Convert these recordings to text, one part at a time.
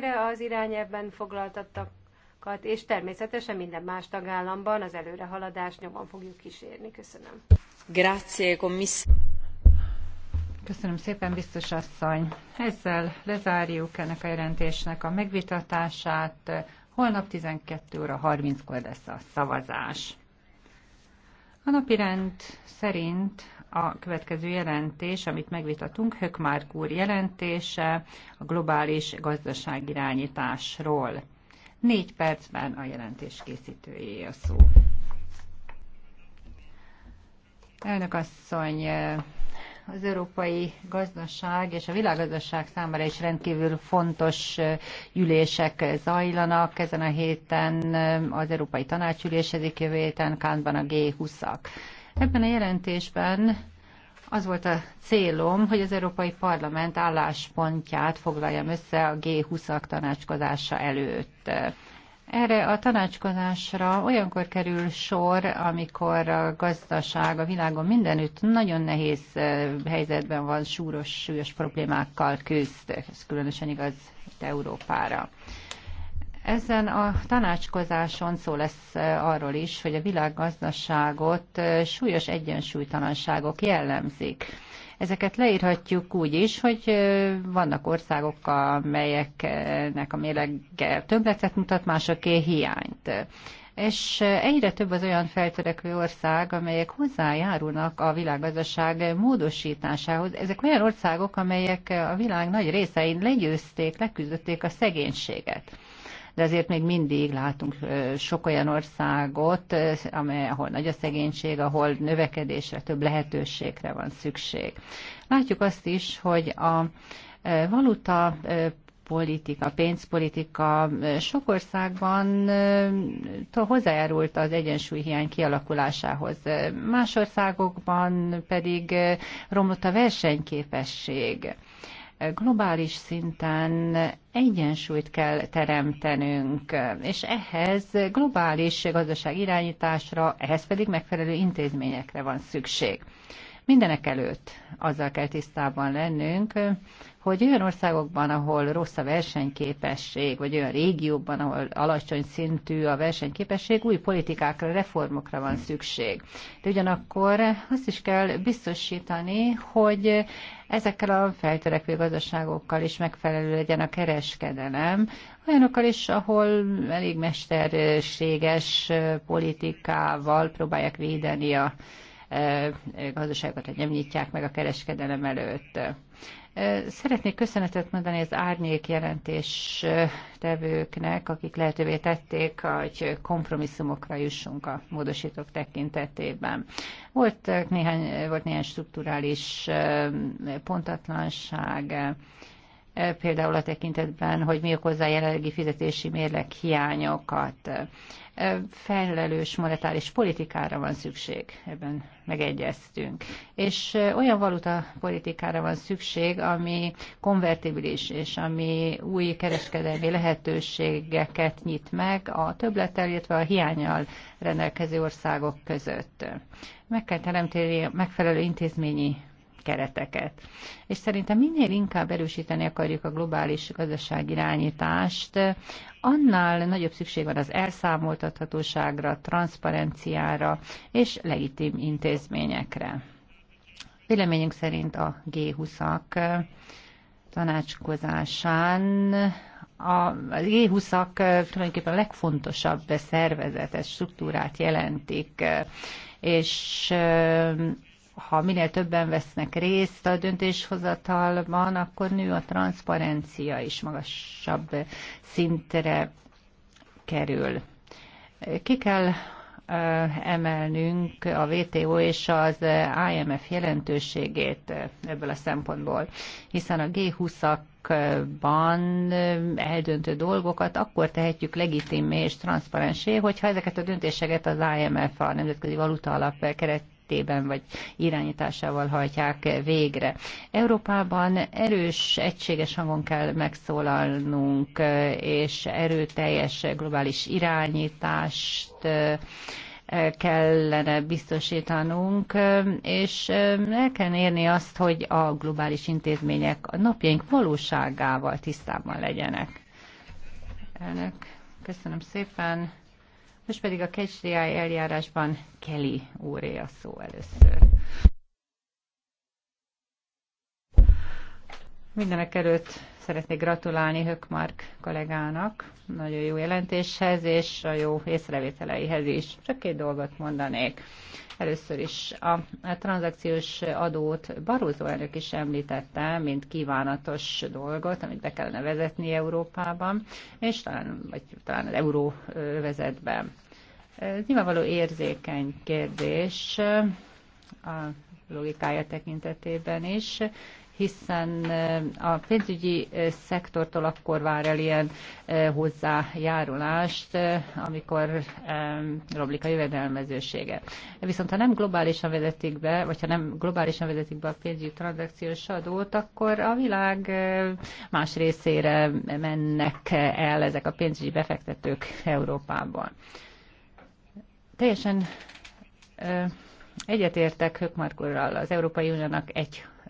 végre az irányelvben foglaltattakat, és természetesen minden más tagállamban az előrehaladást nyomon fogjuk kísérni. Köszönöm. Grazie, commiss- Köszönöm szépen, biztos asszony. Ezzel lezárjuk ennek a jelentésnek a megvitatását. Holnap 12 óra 30-kor lesz a szavazás. A napirend szerint a következő jelentés, amit megvitatunk, Hökmárk úr jelentése a globális gazdaságirányításról. Négy percben a jelentés készítőjé a szó. Elnök asszony, az európai gazdaság és a világgazdaság számára is rendkívül fontos ülések zajlanak. Ezen a héten az Európai Tanács ülésezik, jövő héten Kántban a G20-ak. Ebben a jelentésben az volt a célom, hogy az Európai Parlament álláspontját foglaljam össze a G20-ak tanácskozása előtt. Erre a tanácskozásra olyankor kerül sor, amikor a gazdaság a világon mindenütt nagyon nehéz helyzetben van, súros, súlyos problémákkal küzd, ez különösen igaz itt Európára. Ezen a tanácskozáson szó lesz arról is, hogy a világgazdaságot súlyos egyensúlytalanságok jellemzik. Ezeket leírhatjuk úgy is, hogy vannak országok, amelyeknek a mérlege többletet mutat, másoké hiányt és egyre több az olyan feltörekvő ország, amelyek hozzájárulnak a világgazdaság módosításához. Ezek olyan országok, amelyek a világ nagy részein legyőzték, leküzdötték a szegénységet de azért még mindig látunk sok olyan országot, amely, ahol nagy a szegénység, ahol növekedésre, több lehetőségre van szükség. Látjuk azt is, hogy a valuta politika, pénzpolitika sok országban hozzájárult az egyensúlyhiány kialakulásához. Más országokban pedig romlott a versenyképesség globális szinten egyensúlyt kell teremtenünk, és ehhez globális gazdaság irányításra, ehhez pedig megfelelő intézményekre van szükség. Mindenek előtt azzal kell tisztában lennünk, hogy olyan országokban, ahol rossz a versenyképesség, vagy olyan régióban, ahol alacsony szintű a versenyképesség, új politikákra, reformokra van szükség. De ugyanakkor azt is kell biztosítani, hogy ezekkel a feltörekvő gazdaságokkal is megfelelő legyen a kereskedelem, olyanokkal is, ahol elég mesterséges politikával próbálják védeni a gazdaságokat nem nyitják meg a kereskedelem előtt. Szeretnék köszönetet mondani az árnyék jelentés tevőknek, akik lehetővé tették, hogy kompromisszumokra jussunk a módosítók tekintetében. Volt néhány, volt néhány strukturális pontatlanság, például a tekintetben, hogy mi okozza a jelenlegi fizetési mérleg hiányokat. Felelős monetáris politikára van szükség, ebben megegyeztünk. És olyan valuta politikára van szükség, ami konvertibilis, és ami új kereskedelmi lehetőségeket nyit meg a többlettel, illetve a hiányal rendelkező országok között. Meg kell teremteni megfelelő intézményi kereteket. És szerintem minél inkább erősíteni akarjuk a globális gazdaság irányítást, annál nagyobb szükség van az elszámoltathatóságra, transzparenciára és legitim intézményekre. Véleményünk szerint a G20-ak tanácskozásán a G20-ak tulajdonképpen a legfontosabb szervezetes struktúrát jelentik, és ha minél többen vesznek részt a döntéshozatalban, akkor nő a transzparencia is magasabb szintre kerül. Ki kell emelnünk a WTO és az IMF jelentőségét ebből a szempontból, hiszen a G20-ak eldöntő dolgokat, akkor tehetjük legitimé és transzparensé, hogyha ezeket a döntéseket az IMF, a Nemzetközi Valuta Alap keret keretében vagy irányításával hajtják végre. Európában erős, egységes hangon kell megszólalnunk, és erőteljes globális irányítást kellene biztosítanunk, és el kell érni azt, hogy a globális intézmények a napjaink valóságával tisztában legyenek. Elnök, köszönöm szépen. Most pedig a KCI eljárásban Kelly úré a szó először. Mindenek előtt szeretnék gratulálni Hökmark kollégának nagyon jó jelentéshez és a jó észrevételeihez is. Csak két dolgot mondanék. Először is a, tranzakciós adót Barózó elnök is említette, mint kívánatos dolgot, amit be kellene vezetni Európában, és talán, vagy talán az euróvezetben. Ez nyilvánvaló érzékeny kérdés a logikája tekintetében is, hiszen eh, a pénzügyi eh, szektortól akkor vár el ilyen eh, hozzájárulást, amikor romlik a jövedelmezősége. Viszont ha nem globálisan vezetik be, vagy ha nem globálisan vezetik be a pénzügyi tranzakciós adót, akkor a világ más részére mennek el ezek a pénzügyi befektetők Európában. Teljesen egyetértek Hökmark az Európai Uniónak egy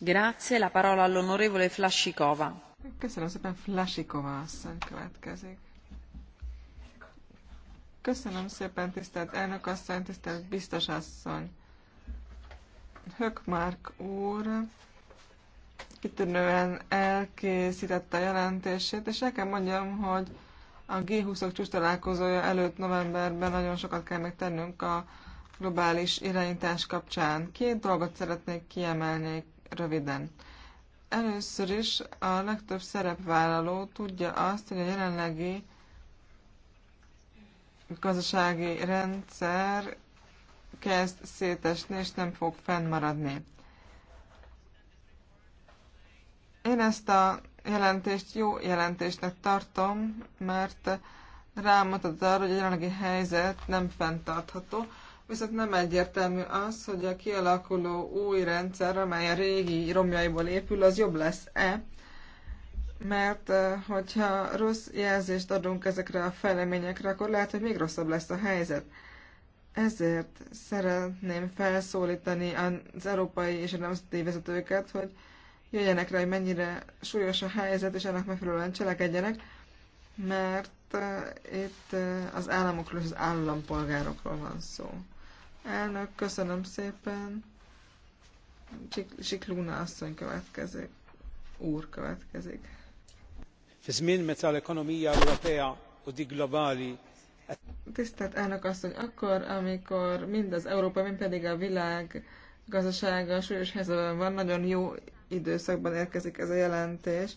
Grazie, la parola all'onorevole Flasikova. Köszönöm szépen, Flasikova asszony következik. Köszönöm szépen, tisztelt elnök asszony, tisztelt biztos asszony. Hökmark úr kitűnően elkészítette a jelentését, és el kell mondjam, hogy a G20-ok csúcs előtt novemberben nagyon sokat kell megtennünk a globális irányítás kapcsán. Két dolgot szeretnék kiemelni röviden. Először is a legtöbb szerepvállaló tudja azt, hogy a jelenlegi gazdasági rendszer kezd szétesni, és nem fog fennmaradni. Én ezt a jelentést jó jelentésnek tartom, mert rámutat arra, hogy a jelenlegi helyzet nem fenntartható, viszont nem egyértelmű az, hogy a kialakuló új rendszer, amely a régi romjaiból épül, az jobb lesz-e, mert eh, hogyha rossz jelzést adunk ezekre a fejleményekre, akkor lehet, hogy még rosszabb lesz a helyzet. Ezért szeretném felszólítani az európai és a nemzeti vezetőket, hogy jöjjenek rá, hogy mennyire súlyos a helyzet, és ennek megfelelően cselekedjenek, mert eh, itt eh, az államokról és az állampolgárokról van szó. Elnök, köszönöm szépen. Siklúna asszony következik. Úr következik. Fi metal ekonomia europea odi globali Tisztelt elnök asszony, akkor, amikor mind az Európa, mind pedig a világ gazdasága súlyos helyzetben van, nagyon jó időszakban érkezik ez a jelentés.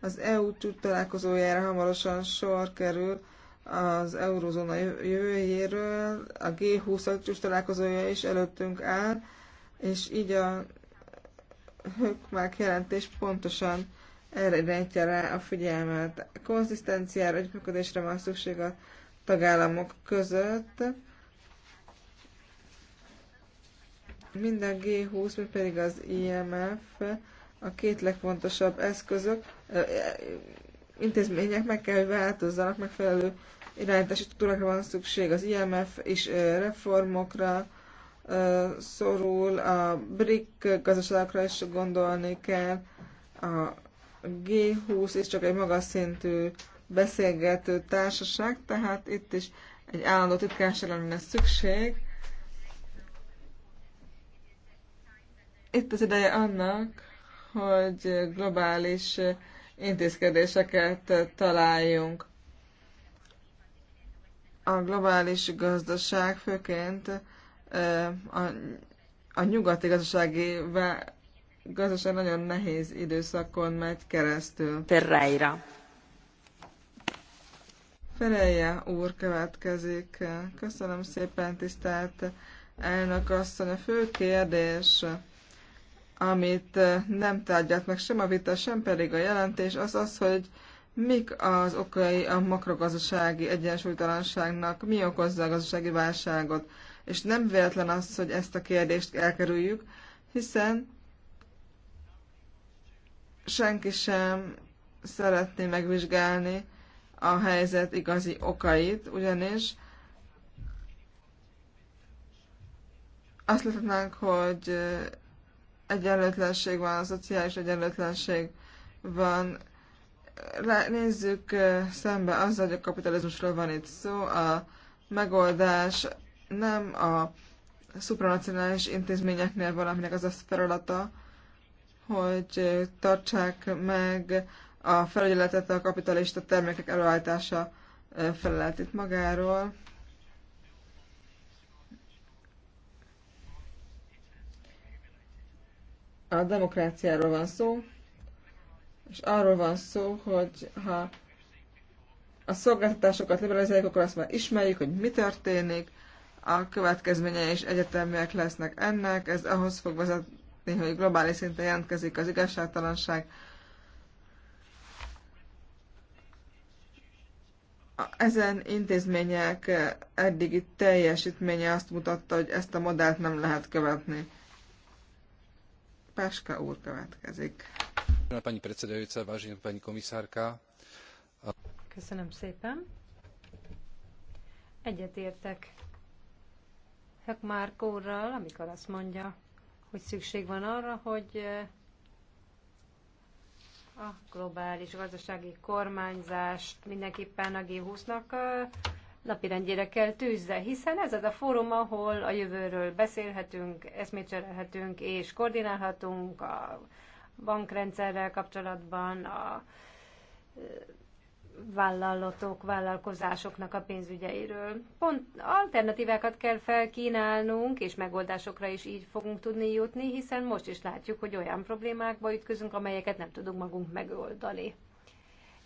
Az EU csúcs találkozójára hamarosan sor kerül, az eurózóna jövőjéről, a G20 csúcs találkozója is előttünk áll, és így a Hökmák jelentés pontosan erre irányítja rá a figyelmet. Konzisztenciára, együttműködésre van szükség a tagállamok között. Minden G20, mint pedig az IMF a két legfontosabb eszközök, intézmények meg kell, hogy változzanak, megfelelő irányítási struktúrákra van szükség. Az IMF is reformokra szorul, a BRIC gazdaságokra is gondolni kell, a G20 is csak egy magas szintű beszélgető társaság, tehát itt is egy állandó titkásra lenne szükség. Itt az ideje annak, hogy globális intézkedéseket találjunk. A globális gazdaság főként a, a nyugati gazdasági gazdaság nagyon nehéz időszakon megy keresztül. Ferreira. Ferreira úr következik. Köszönöm szépen, tisztelt elnök asszony. A fő kérdés amit eh, nem tárgyalt meg sem a vita, sem pedig a jelentés, az az, hogy mik az okai a makrogazdasági egyensúlytalanságnak, mi okozza a gazdasági válságot. És nem véletlen az, hogy ezt a kérdést elkerüljük, hiszen senki sem szeretné megvizsgálni a helyzet igazi okait, ugyanis azt látnánk, hogy eh, egyenlőtlenség van, a szociális egyenlőtlenség van. Nézzük szembe azzal, hogy a kapitalizmusról van itt szó. A megoldás nem a szupranacionális intézményeknél valaminek az a feladata, hogy tartsák meg a felügyeletet a kapitalista termékek előállítása felelt itt magáról. a demokráciáról van szó, és arról van szó, hogy ha a szolgáltatásokat liberalizáljuk, akkor azt már ismerjük, hogy mi történik, a következménye is egyetemiek lesznek ennek, ez ahhoz fog vezetni, hogy globális szinten jelentkezik az igazságtalanság. Ezen intézmények eddigi teljesítménye azt mutatta, hogy ezt a modellt nem lehet követni. Páska úr következik. Pani predsedajúca, vážená pani komisárka. Köszönöm szépen. Egyetértek Hökmárk úrral, amikor azt mondja, hogy szükség van arra, hogy eh, a globális gazdasági kormányzást mindenképpen a G20-nak napirendjére kell tűzze, hiszen ez az a fórum, ahol a jövőről beszélhetünk, eszmét cserélhetünk és koordinálhatunk a bankrendszerrel kapcsolatban, a vállalatok, vállalkozásoknak a pénzügyeiről. Pont alternatívákat kell felkínálnunk, és megoldásokra is így fogunk tudni jutni, hiszen most is látjuk, hogy olyan problémákba ütközünk, amelyeket nem tudunk magunk megoldani.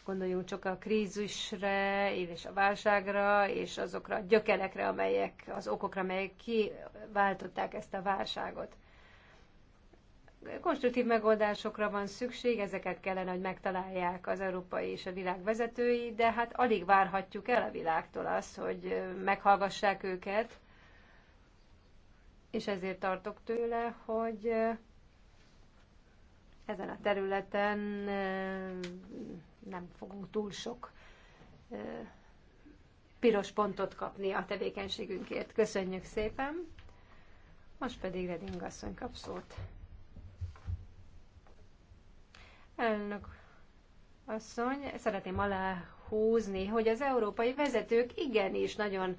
Gondoljunk csak a krízisre, és a válságra, és azokra a gyökerekre, amelyek, az okokra, amelyek kiváltották ezt a válságot. Konstruktív megoldásokra van szükség, ezeket kellene, hogy megtalálják az európai és a világ vezetői, de hát alig várhatjuk el a világtól azt, hogy meghallgassák őket, és ezért tartok tőle, hogy ezen a területen nem fogunk túl sok piros pontot kapni a tevékenységünkért. Köszönjük szépen! Most pedig Reding asszony kap szót. Elnök asszony, szeretném aláhúzni, hogy az európai vezetők igenis nagyon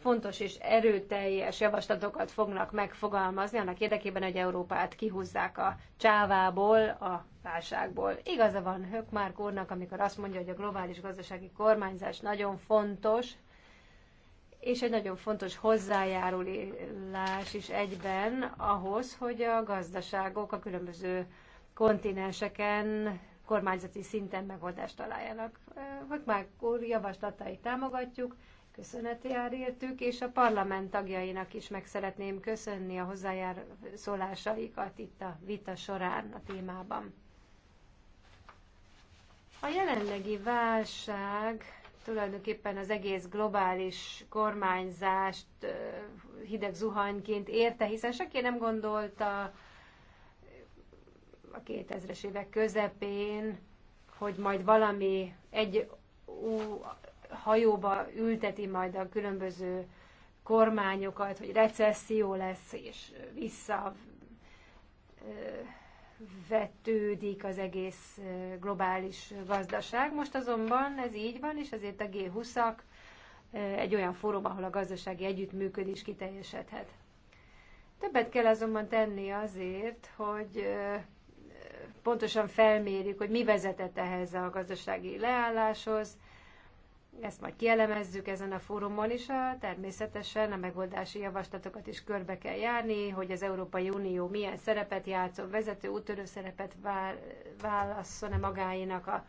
fontos és erőteljes javaslatokat fognak megfogalmazni annak érdekében, hogy Európát kihúzzák a csávából, a válságból. Igaza van Hökmárk úrnak, amikor azt mondja, hogy a globális gazdasági kormányzás nagyon fontos, és egy nagyon fontos hozzájárulás is egyben ahhoz, hogy a gazdaságok a különböző kontinenseken kormányzati szinten megoldást találjanak. már úr javaslatait támogatjuk, köszönet jár értük, és a parlament tagjainak is meg szeretném köszönni a hozzájárszólásaikat itt a vita során a témában. A jelenlegi válság tulajdonképpen az egész globális kormányzást hideg zuhanyként érte, hiszen senki nem gondolta a 2000-es évek közepén, hogy majd valami egy hajóba ülteti majd a különböző kormányokat, hogy recesszió lesz, és vissza vetődik az egész globális gazdaság. Most azonban ez így van, és ezért a G20-ak egy olyan fórum, ahol a gazdasági együttműködés kiteljesedhet. Többet kell azonban tenni azért, hogy pontosan felmérjük, hogy mi vezetett ehhez a gazdasági leálláshoz, ezt majd kielemezzük ezen a fórumon is, természetesen a megoldási javaslatokat is körbe kell járni, hogy az Európai Unió milyen szerepet játszon, vezető, úttörő szerepet válasszon-e magáinak a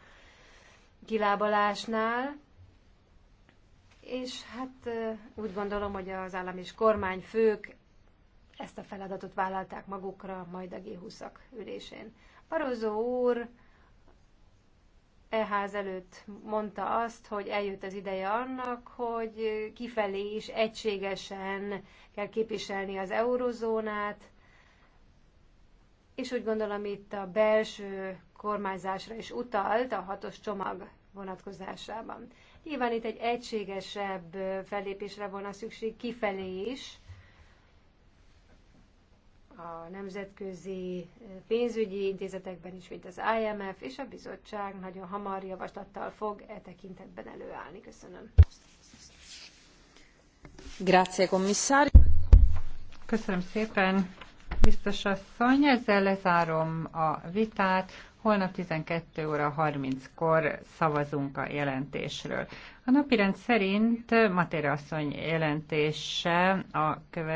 kilábalásnál. És hát úgy gondolom, hogy az állam és kormányfők ezt a feladatot vállalták magukra majd a G20-ak ülésén. Barozó úr eház előtt mondta azt, hogy eljött az ideje annak, hogy kifelé is egységesen kell képviselni az eurozónát, és úgy gondolom itt a belső kormányzásra is utalt a hatos csomag vonatkozásában. Nyilván itt egy egységesebb fellépésre volna szükség kifelé is, a nemzetközi eh, pénzügyi intézetekben is, mint az IMF, és a bizottság nagyon hamar javaslattal fog e tekintetben előállni. Köszönöm. Grazie, commissario. Köszönöm szépen, biztos asszony. Ezzel lezárom a vitát. Holnap 12 óra 30-kor szavazunk a jelentésről. A napirend szerint Matéra asszony jelentése a következő.